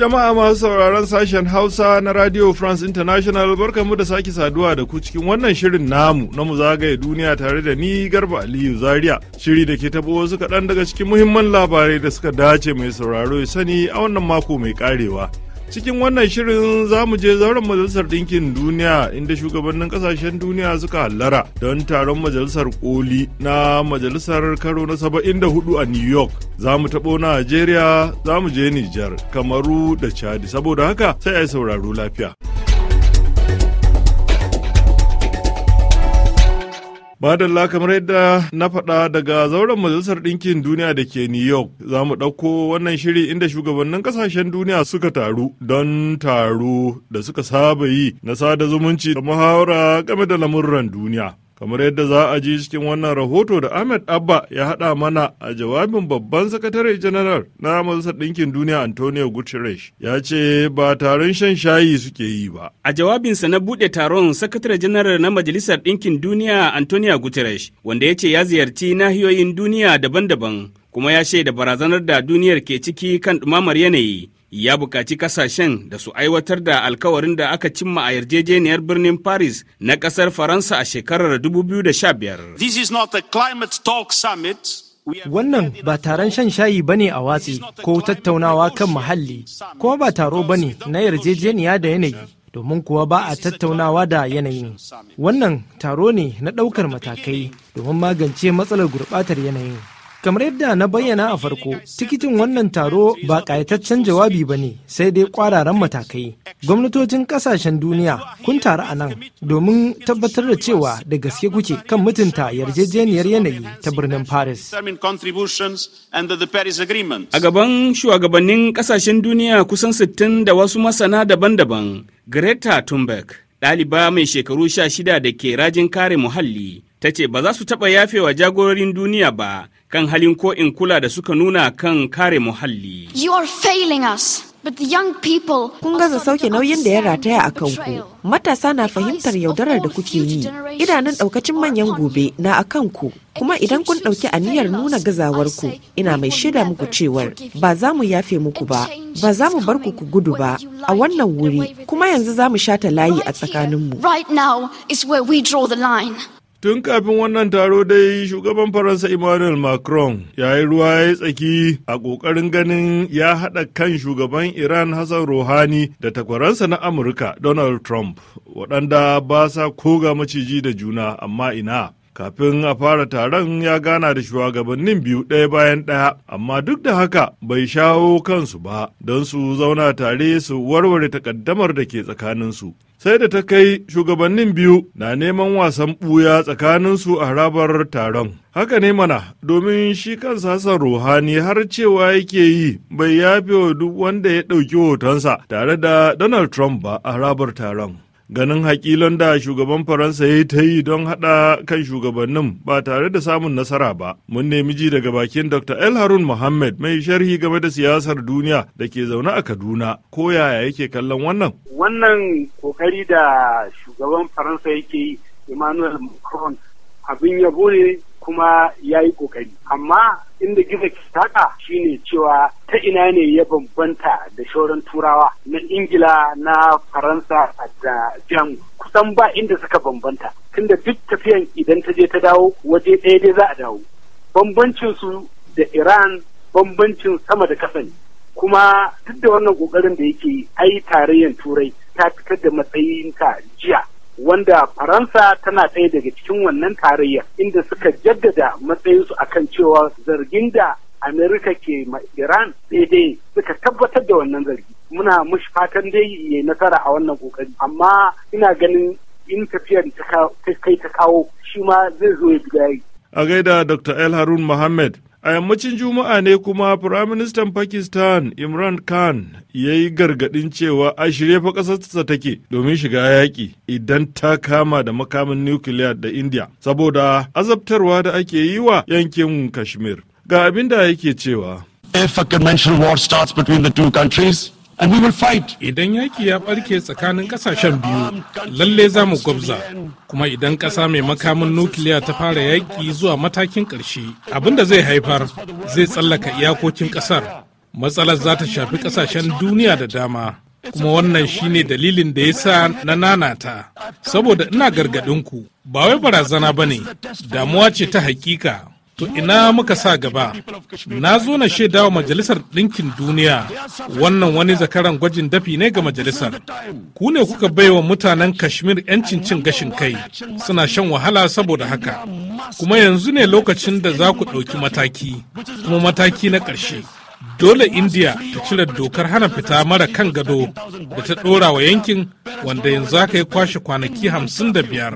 Jama'a masu sauraron sashen Hausa na Radio France International barkamu da sake saduwa da ku cikin wannan shirin namu na mu zagaye duniya tare da ni Garba Aliyu Zaria. Shiri da ke taɓo wasu kaɗan daga cikin muhimman labarai da suka dace mai sauraro ya sani a wannan mako mai karewa. cikin wannan shirin za mu je zauren majalisar ɗinkin duniya inda shugabannin ƙasashen duniya suka hallara don taron majalisar koli na majalisar karo na 74 a new york za mu taɓo Nigeria, za mu je nijar kamaru da chadi saboda haka sai a yi sauraro lafiya. Madalla kamar yadda na faɗa daga zauren Majalisar Ɗinkin Duniya da ke New York za mu ɗauko wannan shiri inda shugabannin ƙasashen duniya suka taru don taro da suka saba yi na sada zumunci da muhawara game da lamurran duniya. kamar yadda za a ji cikin wannan rahoto da ahmed abba ya haɗa mana a jawabin babban sakatare janar na majalisar ɗinkin duniya antonio guterres ya ce ba taron shan shayi suke yi ba a jawabinsa na buɗe taron sakatare janar na majalisar ɗinkin duniya antonio guterres wanda ya ce ya ziyarci nahiyoyin duniya daban-daban kuma ya shaida barazanar da duniyar ke ciki kan ɗumamar yanayi ya bukaci kasashen da su aiwatar da alkawarin da aka cimma a yarjejeniyar birnin Paris na ƙasar Faransa a shekarar 2015. This is not climate talk summit. Wannan ba taron shan shayi ba ne a watsi ko tattaunawa kan muhalli, kuma ba taro ba ne na yarjejeniya da yanayi, domin kuwa ba a tattaunawa da yanayi Wannan taro ne na ɗaukar matakai domin magance matsalar gurɓatar yanayin. Kamar yadda na bayyana a farko, tikitin wannan taro ba ƙayataccen jawabi ba ne sai dai ƙwararan matakai. Gwamnatocin ƙasashen duniya kun taru a nan domin tabbatar da cewa da gaske kuke kan mutunta yarjejeniyar yanayi ta birnin Paris. A gaban shugabannin ƙasashen duniya kusan 60 da wasu masana daban-daban, Greta Thunberg. ɗaliba mai shekaru sha shida da ke rajin kare muhalli ta ce ba za su taɓa yafewa jagororin duniya ba kan halin ko in kula da suka nuna kan kare muhalli. You are failing us. Kun gaza sauke nauyin da ya rataya a kanku. Matasa na fahimtar yaudarar da kuke yi. Idanun ɗaukacin manyan gobe na a kanku. Kuma idan kun ɗauki aniyar nuna gazawarku, ina mai shaida muku cewar ba za mu yafe muku ba, ba za mu bar ku ku gudu ba a wannan wuri, kuma yanzu za mu shata layi a tsakaninmu. Right now is where we draw line. Tun kafin wannan taro dai shugaban Faransa Emmanuel Macron ya yi ruwa ya yi tsaki a ƙoƙarin ganin ya haɗa kan shugaban Iran Hassan Rouhani da takwaransa na Amurka Donald Trump waɗanda ba sa koga maciji da juna amma ina. kafin a fara taron ya gana da shugabannin biyu ɗaya bayan ɗaya amma duk da haka bai shawo kansu ba don su zauna tare su warware takaddamar da ke tsakaninsu sai da ta kai shugabannin biyu na neman wasan ɓuya tsakaninsu a harabar taron haka ne mana domin shi kansa Hassan ruhani har cewa yake yi bai yafe wa duk wanda ya ɗauki hotonsa tare da donald trump ba a harabar taron ganin hakilan da shugaban faransa ya ta yi don haɗa kan shugabannin ba tare da samun nasara ba mun nemi ji daga bakin dr el harun mohammed mai sharhi game da siyasar duniya da ke zaune a kaduna ko yaya yake kallon wannan wannan kokari da shugaban faransa yake yi emmanuel macron abin yabo ne kuma ya yi ƙoƙari amma inda gizo ke taka ne cewa ta ina ne ya bambanta da shauran turawa na ingila na faransa da jamus kusan ba inda suka bambanta tunda duk tafiyan idan ta je ta dawo waje ɗaya dai za a dawo bambancin su da iran bambancin sama da kasa kuma duk da wannan ƙoƙarin da yake ai tarayyar turai ta fitar da matsayinta jiya wanda faransa tana ɗaya daga cikin wannan tarayyar inda suka jaddada matsayinsu akan cewa zargin da amerika ke ma iran daidai suka tabbatar da wannan zargi muna mushi fatan dai ya nasara a wannan kokari amma ina ganin in tafiyar ta kai ta kawo shi ma zai zo ya bi a gaida dr el harun mohammed A yammacin Juma'a ne kuma Firaministan Pakistan Imran Khan ya yi gargaɗin cewa a shirye fa ƙasarsa take domin shiga yaƙi idan ta kama da makamin nukiliya da India saboda azabtarwa da ake yi wa yankin Kashmir. Ga abin da yake cewa. If a conventional war starts between the two countries, Idan yaki ya barke tsakanin kasashen biyu, lalle za mu gwabza, kuma idan ƙasa mai makamin nukiliya ta fara yaki zuwa matakin ƙarshe, abin da zai haifar zai tsallaka iyakokin ƙasar. Matsalar za ta shafi ƙasashen duniya da dama. kuma wannan shine dalilin da ya sa na nanata saboda ina gargaɗinku ba wai barazana ba ne damuwa ce ta hakika to ina muka sa gaba na zo na shaida wa majalisar ɗinkin duniya wannan wani zakaran gwajin dafi ne ga majalisar ku ne kuka baiwa mutanen kashmir 'yancin cin gashin kai suna shan wahala saboda haka kuma yanzu ne lokacin da za ku ɗauki mataki kuma mataki na ƙarshe dole india ta cire dokar hana fita mara kan gado da ta dora wa yankin wanda yanzu aka yi kwashe kwanaki hamsin da biyar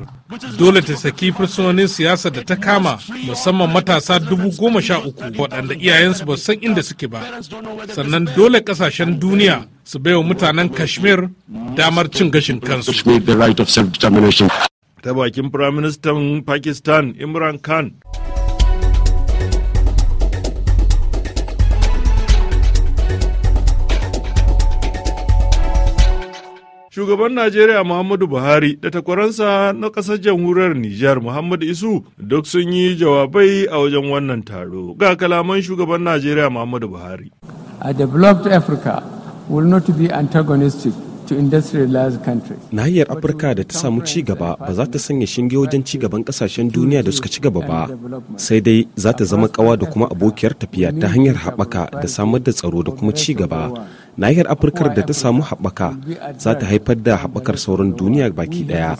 dole ta saki fursunonin siyasa da ta kama musamman matasa dubu goma sha uku waɗanda iyayensu ba san inda suke ba sannan dole ƙasashen duniya su baiwa mutanen kashmir damar cin gashin kansu ta bakin firaministan pakistan imran khan shugaban Najeriya Muhammadu Buhari da takwaransa na ƙasar jamhuriyar Nijar Muhammadu Isu duk sun yi jawabai a wajen wannan taro. Ga kalaman shugaban Najeriya Muhammadu Buhari. A developed Africa will not be antagonistic to Nahiyar Afirka da ta samu ci gaba ba za ta sanya shinge wajen ci gaban kasashen duniya da suka ci gaba ba, sai dai za ta zama kawa da kuma abokiyar tafiya ta hanyar haɓaka da samar da tsaro da kuma ci gaba. nahiyar afirkar da ta samu haɓaka za ta haifar da haɓakar sauran duniya baki ɗaya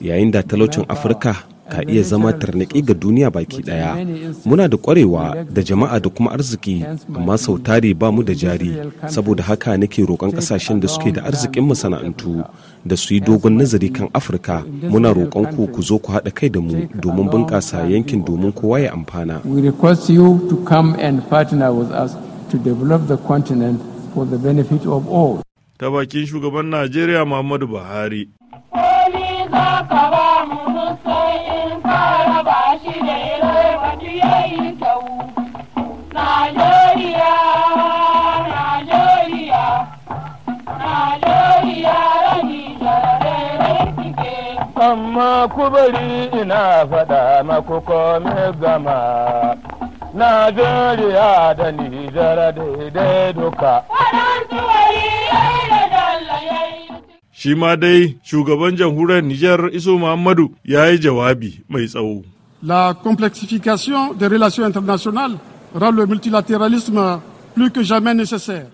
yayin da talaucin afirka ka iya zama tarnaƙi ga duniya baki ɗaya muna da ƙwarewa da jama'a da kuma arziki amma sau tari ba mu da jari saboda haka nake roƙon ƙasashen da suke da arzikin masana'antu da su yi dogon nazari kan afirka muna roƙon ku ku zo ku haɗa kai da mu domin bunƙasa yankin domin kowa ya amfana to develop the continent for the benefit of all. Ta bakin shugaban Najeriya Muhammadu Buhari. Amma ku bari ina faɗa maku kome gama. Najeriya da Nijar daidai doka. Shi ma dai shugaban jamhuriyar Nijar Iso Muhammadu ya yi jawabi mai tsawo. La complexification des relations internationales rend le multilatéralisme plus que jamais nécessaire.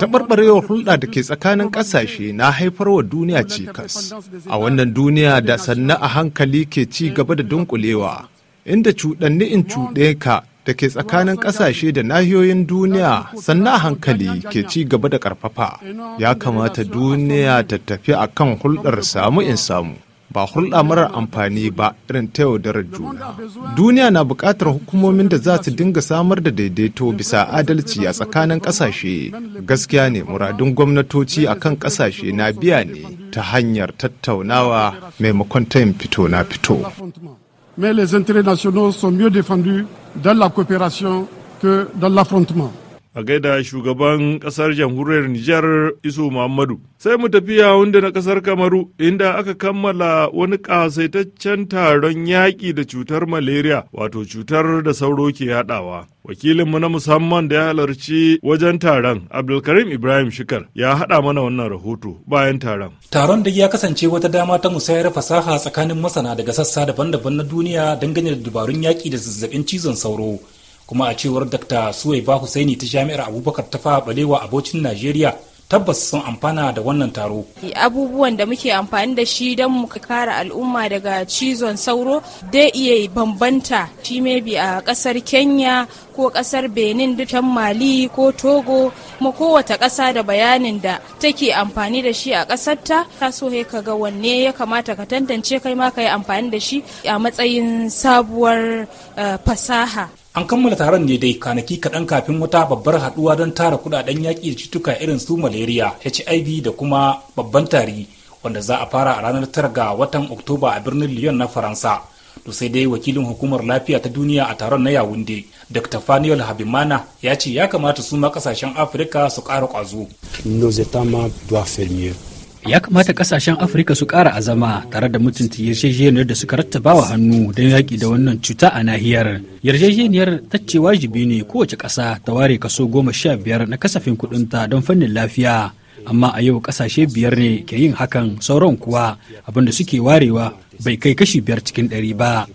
Tabarbarewa hulɗa da ke tsakanin ƙasashe na haifarwa duniya cikas a wannan duniya da sannan a hankali ke ci gaba da dunkulewa inda cuɗanni in cuɗe ka da ke tsakanin kasashe da nahiyoyin duniya sannan hankali ke ci gaba da karfafa ya kamata duniya ta tafi a kan hulɗar samu in samu ba hulɗa marar amfani ba irin ta yaudarar juna duniya na buƙatar hukumomin da za su dinga samar da daidaito bisa adalci a tsakanin ƙasashe gaskiya ne muradun gwamnatoci a kan ƙasashe na biya ne ta hanyar tattaunawa maimakon tayin fito na fito mais les intérêts nationaux sont mieux défendus dans la coopération que dans l'affrontement. a gaida shugaban kasar jamhuriyar Nijar Isu Muhammadu. Sai mu tafiya wanda na kasar Kamaru inda aka kammala wani kasaitaccen taron yaƙi da cutar malaria wato cutar da sauro ke yaɗawa. Wakilinmu na musamman da ya halarci wajen taron Abdulkarim Ibrahim Shikar ya haɗa mana wannan rahoto bayan taron. Taron da ya kasance wata dama ta musayar fasaha tsakanin masana daga sassa daban-daban na duniya dangane da dabarun yaƙi da zazzabin cizon sauro kuma a cewar dr suwaiba husaini ta jami'ar abubakar ta fara balewa abocin najeriya tabbas sun amfana da wannan taro. Abubuwan da muke amfani da shi don mu kare al'umma daga cizon sauro dai iya bambanta shi maybe a kasar Kenya ko kasar Benin dukan Mali ko Togo kuma kowace ƙasa da bayanin da take amfani da shi a ƙasarta ta so he ka ga wanne ya kamata ka tantance kai ma ka yi amfani da shi a matsayin sabuwar eh, fasaha. an kammala taron ne dai kanaki kaɗan kafin wata babbar haɗuwa don tara kuɗaɗen yaƙi da cutuka irin su malaria hiv da kuma babban tari wanda za a fara a ranar tara ga watan oktoba a birnin lyon na faransa to sai dai wakilin hukumar lafiya ta duniya a taron na yawunde dr faniel habimana ya ce ya kamata su ma kasashen afirka su ƙara ƙwazo ya kamata kasashen afirka su kara azama tare da mutunta yarjejeniyar da suka rattaba wa hannu don yaƙi da wannan cuta a nahiyar yarjejeniyar ta ce wajibi ne kowace ƙasa ta ware kaso goma sha biyar na kasafin kuɗinta don fannin lafiya amma a yau ƙasashe biyar ne ke yin hakan sauran kuwa abinda suke warewa bai kai kashi biyar cikin ɗari ba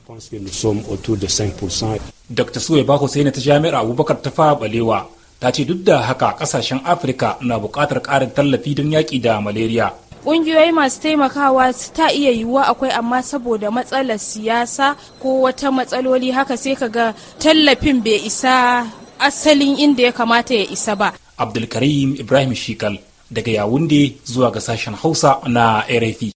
dr suwe bako sai na ta jami'ar abubakar ta fa balewa ta ce duk da haka kasashen afirka na buƙatar ƙarin tallafi don yaƙi da malaria ƙungiyoyi masu taimakawa ta iya yiwuwa akwai amma saboda matsalar siyasa ko wata matsaloli haka sai ka ga tallafin bai isa asalin inda ya kamata ya isa ba abdulkarim ibrahim shikal daga yawunde zuwa ga sashen hausa na rfi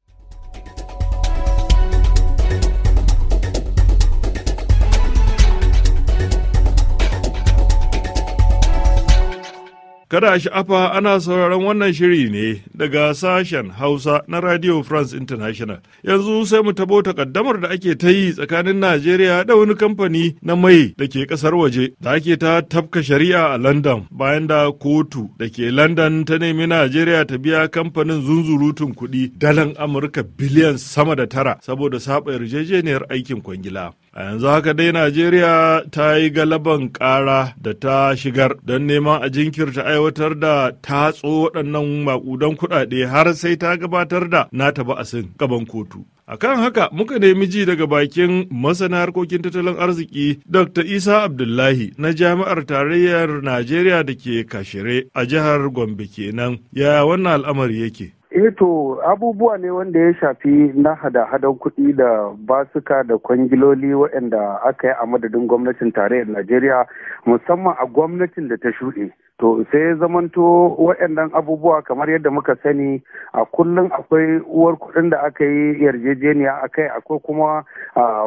Kada sha'afa ana sauraron wannan shiri ne daga sashen Hausa na Radio France International. Yanzu sai mu tabo takaddamar da ake ta yi tsakanin Najeriya da wani kamfani na mai da ke kasar waje da ake ta tafka shari'a a London bayan da kotu da ke London ta nemi Najeriya ta biya kamfanin zunzurutun kuɗi dalan Amurka biliyan sama da tara saboda saba yarjejeniyar aikin kwangila. A yanzu haka dai Najeriya ta yi galaban ƙara da ta shigar don neman a jinkirta aiwatar da tatso waɗannan maƙudan kuɗaɗe har sai ta gabatar da nata ba'asin gaban kotu. A kan haka muka nemi ji daga bakin masana harkokin tattalin arziki Dr. Isa Abdullahi na Jami'ar Tarayyar Najeriya da ke Kashire a jihar Gombe kenan. Yaya wannan al'amari yake? eh to abubuwa ne wanda ya shafi na hada-hadan kuɗi da basuka da kwangiloli waɗanda aka yi a madadin gwamnatin tarayyar najeriya musamman a gwamnatin da ta shuɗe to sai zamanto waɗannan abubuwa kamar yadda muka sani a kullum akwai uwar kuɗin da aka yi yarjejeniya a kai akwai kuma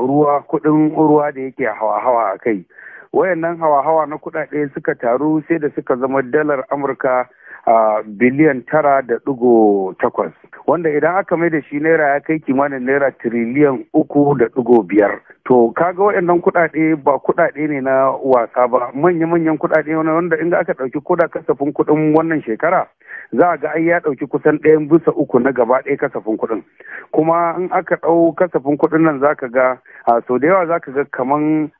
ruwa kuɗin ruwa da yake hawa-hawa a kai wayannan hawa-hawa na kuɗaɗe suka taru sai da suka zama dalar amurka a biliyan tara da ɗigo takwas wanda idan aka mai da shi naira ya kai kimanin naira tiriliyan uku da ɗigo biyar to kaga waɗannan kuɗaɗe ba kuɗaɗe ne na wasa ba manya-manyan kuɗaɗe wanda inda aka ɗauki koda kasafin kuɗin wannan shekara za a ga ai ya ɗauki kusan ɗayan bisa uku na gaba ɗaya kasafin kuɗin kuma in aka ɗau kasafin kuɗin nan za ka ga sau da yawa za ka ga kaman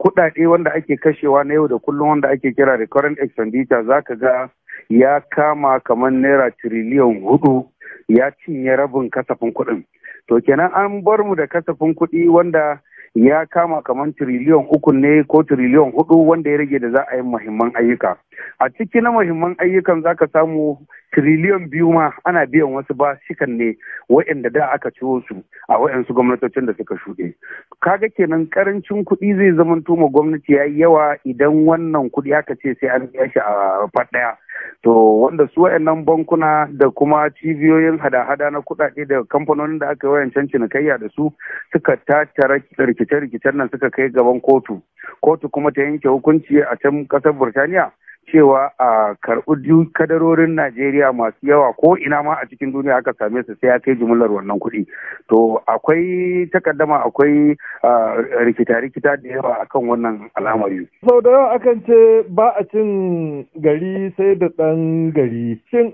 kuɗaɗe wanda ake kashewa na yau da kullum wanda ake kira recurrent expenditure za ka ga ya kama kamar naira tiriliyan hudu ya cinye rabin kasafin kuɗin to kenan an bar mu da kasafin kuɗi wanda ya kama kamar tiriliyan uku ne ko tiriliyan hudu wanda ya rage da za a yi muhimman ayyuka a ciki na muhimman ayyukan za ka samu tiriliyan biyu ma ana biyan wasu ba shikan ne wa'inda da aka ciwo su a wa'insu gwamnatocin da suka shuɗe kaga kenan karancin kuɗi zai zamanto ma gwamnati ya yi yawa idan wannan kuɗi aka ce sai an biya shi a ɗaya to wanda su wayannan bankuna da kuma cibiyoyin hada-hada na kuɗaɗe da kamfanonin da aka yi wayancan cinikayya da su suka tattara rikice-rikicen nan suka kai gaban kotu kotu kuma ta yanke hukunci a can kasar burtaniya cewa a karɓi kadarorin Najeriya masu yawa ko ina ma a cikin duniya aka same su sai ya kai wannan kuɗi. To akwai takaddama akwai rikita-rikita da yawa akan wannan al'amari. Sau da yawa akan ce ba a cin gari sai da ɗan gari. Shin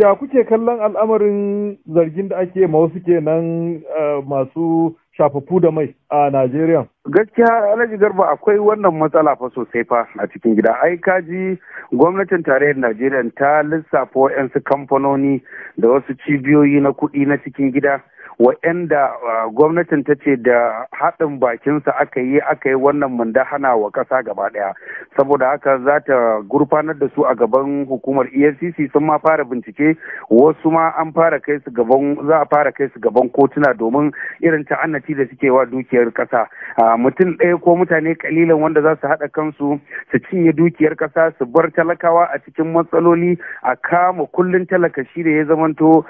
ya kuke kallon al'amarin zargin da ake ma wasu kenan masu shafafu da mai a Najeriya? gaskiya alhaji garba akwai wannan matsala fa sosai fa a cikin gida ai kaji gwamnatin tarayyar najeriya ta lissafa wa'yansu kamfanoni da wasu cibiyoyi na kuɗi na cikin gida waɗanda uh, gwamnatin ta ce da haɗin bakinsa aka yi aka yi wannan mundahana wa ƙasa gaba ɗaya saboda haka za ta gurfanar da su a gaban hukumar efcc sun ma fara bincike wasu ma an fara kai su gaban za a fara kai su gaban kotuna domin irin ta'annaci da suke wa dukiyar ƙasa mutum ɗaya ko mutane kalilan wanda za su haɗa kansu su cinye dukiyar ƙasa su bar talakawa a cikin matsaloli a kama kullum talaka shi da ya zamanto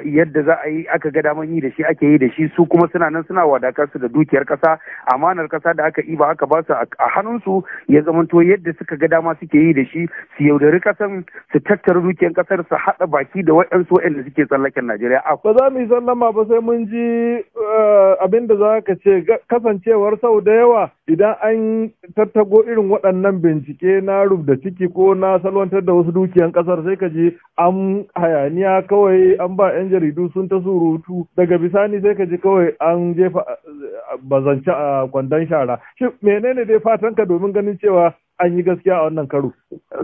yadda za a yi aka ga daman yi da shi ake yi da shi su kuma suna nan suna wadakar su da dukiyar kasa amanar kasa da aka iba aka ba su a hannunsu ya zamanto yadda suka ga dama suke yi da shi su yaudari kasan su tattara dukiyar kasar su haɗa baki da waɗansu waɗanda suke tsallaken Najeriya. Ba za mu yi sallama ba sai mun ji eh, abin da za ka ce kasancewar sau da yawa idan an tattago irin waɗannan bincike na rubda ciki ko na salwantar da wasu dukiyan kasar sai ka ji an hayaniya kawai an ba 'yan jaridu sun ta surutu hudu daga bisani sai ka ji kawai an jefa bazance a kwandon shara shi menene dai fatan ka domin ganin cewa an yi gaskiya a wannan karo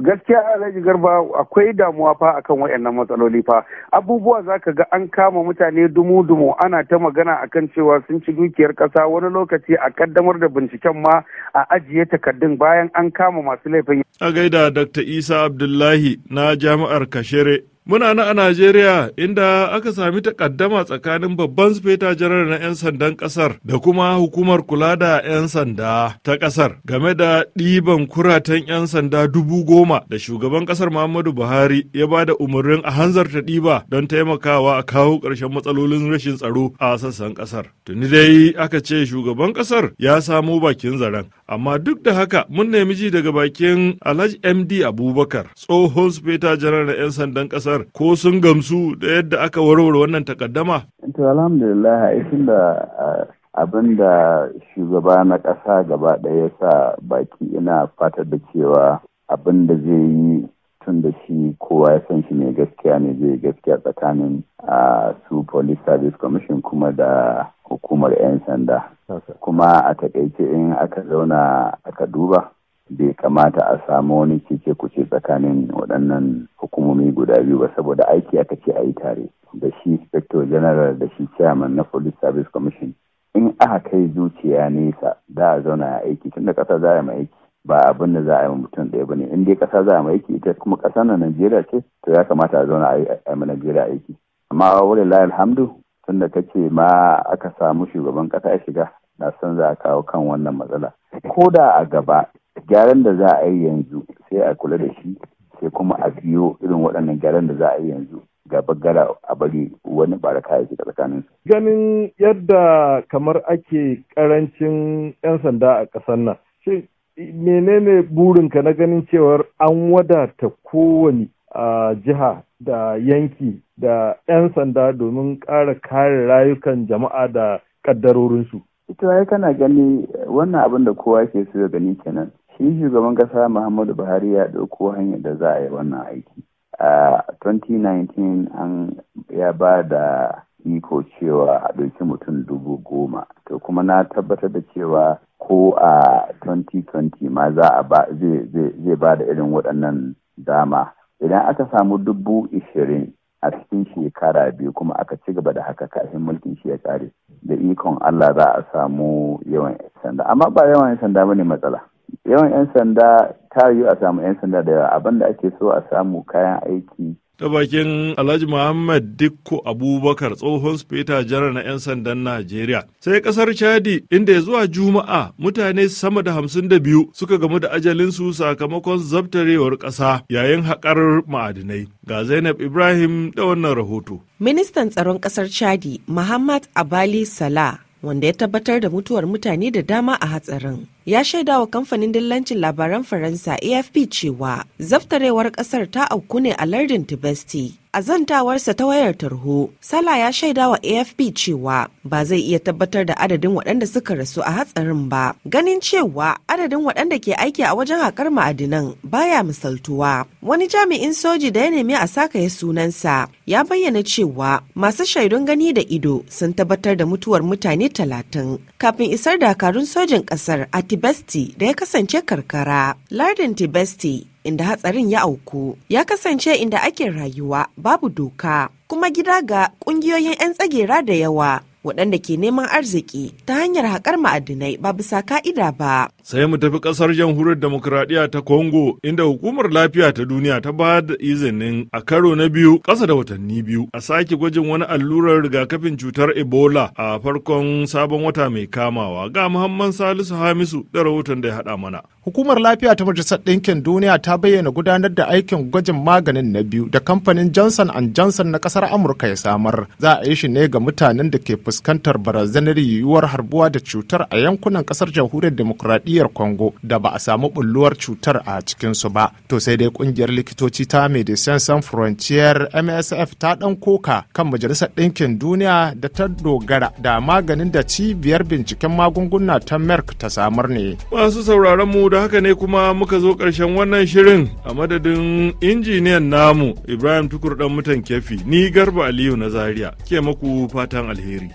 gaskiya alhaji garba akwai damuwa fa akan waɗannan matsaloli fa abubuwa za ka ga an kama mutane dumu-dumu ana ta magana akan cewa sun ci dukiyar ƙasa wani lokaci a kaddamar da binciken ma a ajiye takardun bayan an kama masu laifin a gaida dr isa abdullahi na jami'ar kashere Muna na a Najeriya inda aka sami takaddama tsakanin babban sufeta janar na 'yan sandan kasar da kuma hukumar kula da 'yan sanda ta kasar game da ɗiban kuratan 'yan sanda dubu goma da shugaban kasar Muhammadu Buhari ya ba da umarnin a hanzarta ɗiba don taimakawa a kawo ƙarshen matsalolin rashin tsaro a sassan kasar. Tuni dai aka ce shugaban kasar ya samo bakin zaren. Amma duk da haka mun nemi ji daga bakin Alhaji MD Abubakar tsohon sufeta janar na 'yan sandan kasar kasar ko sun gamsu da yadda aka warware wannan takaddama? To alhamdulillah tun da abin da shugaba na ƙasa gaba ɗaya sa baki ina fatar da cewa abin da zai yi tun da shi kowa ya san shi ne gaskiya ne zai gaskiya tsakanin a su police service commission kuma da hukumar 'yan sanda kuma a takaice in aka zauna aka duba bai kamata a samu wani cece kuce tsakanin waɗannan hukumomi guda biyu ba saboda aiki aka ce a yi tare da shi inspector general da shi chairman na police service commission in aka kai zuciya nesa za a zauna a aiki tun da ƙasa za a yi aiki ba abin da za a yi mutum ɗaya ba ne in dai ƙasa za a yi aiki ita kuma ƙasa na najeriya ce to ya kamata a zauna a yi ma najeriya aiki amma wuri la alhamdu tun da kace ma aka samu shugaban ƙasa ya shiga na san za a kawo kan wannan matsala ko da a gaba gyaran da za a yi yanzu sai a kula da shi sai kuma a biyo irin waɗannan gyaran da za a yi yanzu ga baggara a bari wani baraka ya shiga tsakanin Ganin yadda kamar ake karancin 'yan sanda a ƙasar nan, shi menene burinka na ganin cewar an wadata kowane jiha da yanki da 'yan sanda domin ƙara kare rayukan jama'a da ƙaddarorinsu? Ita kana gani wannan abin da kowa ke so gani kenan. shi shugaban kasa muhammadu buhari ya ɗauko hanyar da za a yi wannan aiki a 2019 an ya ba da iko cewa a ɗauki mutum dubu goma to kuma na tabbatar da cewa ko a 2020 ma za a ba zai ba da irin waɗannan dama idan aka samu dubu ishirin a cikin shekara biyu kuma aka ci gaba da haka kafin mulkin shi ya kare da ikon Allah za a samu yawan sanda amma ba yawan sanda bane matsala yawan 'yan sanda ta yiwu a samu 'yan sanda da yawa abin da ake so a samu kayan aiki ta bakin alhaji muhammad dikko abubakar tsohon speta janar na 'yan sandan najeriya sai kasar chadi inda ya zuwa juma'a mutane sama da hamsin da biyu suka gamu da ajalinsu sakamakon zabtarewar ƙasa yayin haƙar ma'adinai ga zainab ibrahim da wannan rahoto ministan tsaron kasar chadi muhammad abali salah wanda ya tabbatar da mutuwar mutane da dama a hatsarin ya shaida wa kamfanin dillancin labaran faransa afp cewa zaftarewar kasar ta auku ne a lardin tibesti a zantawarsa ta wayar tarho sala ya shaida wa afp cewa ba zai iya tabbatar da adadin waɗanda suka rasu a hatsarin ba ganin cewa adadin waɗanda ke aiki a wajen haƙar ma'adinan baya misaltuwa wani jami'in soji da ya nemi a saka ya sunansa ya bayyana cewa masu shaidun gani da ido sun tabbatar da mutuwar mutane talatin kafin isar dakarun sojin ƙasar a Tibesti da ya kasance karkara. Lardin Tibesti inda hatsarin ya auku ya kasance inda ake rayuwa babu doka kuma gida ga kungiyoyin 'yan tsagera da yawa waɗanda ke neman arziki ta hanyar haƙar ma'adinai ba bisa ka'ida ba. Sai mu tafi ƙasar jamhuriyar demokuraɗiyya ta Congo inda hukumar lafiya ta duniya ta ba da izinin a karo na biyu ƙasa da watanni biyu a sake gwajin wani allurar rigakafin cutar Ebola a farkon sabon wata mai kamawa ga Muhammad Salisu Hamisu da rahoton da ya haɗa mana. Hukumar lafiya ta Majalisar Ɗinkin Duniya ta bayyana gudanar da aikin gwajin maganin na biyu da kamfanin Johnson Johnson na kasar Amurka ya samar. Za a yi shi ne ga mutanen da ke fuskantar barazanar yiwuwar harbuwa da cutar a yankunan kasar Jamhuriyar Demokuraɗiyyar Congo da ba a samu bulluwar cutar a cikinsu ba. To sai dai kungiyar likitoci ta Medecins Sans Frontier MSF ta ɗan koka kan Majalisar Ɗinkin Duniya da ta dogara da maganin da cibiyar binciken magunguna ta Merck ta samar ne. Masu sauraron mu da haka ne kuma muka zo ƙarshen wannan shirin a madadin injiniyan namu Ibrahim Tukur ɗan mutan kefi ni Garba Aliyu na Zaria ke maku fatan alheri.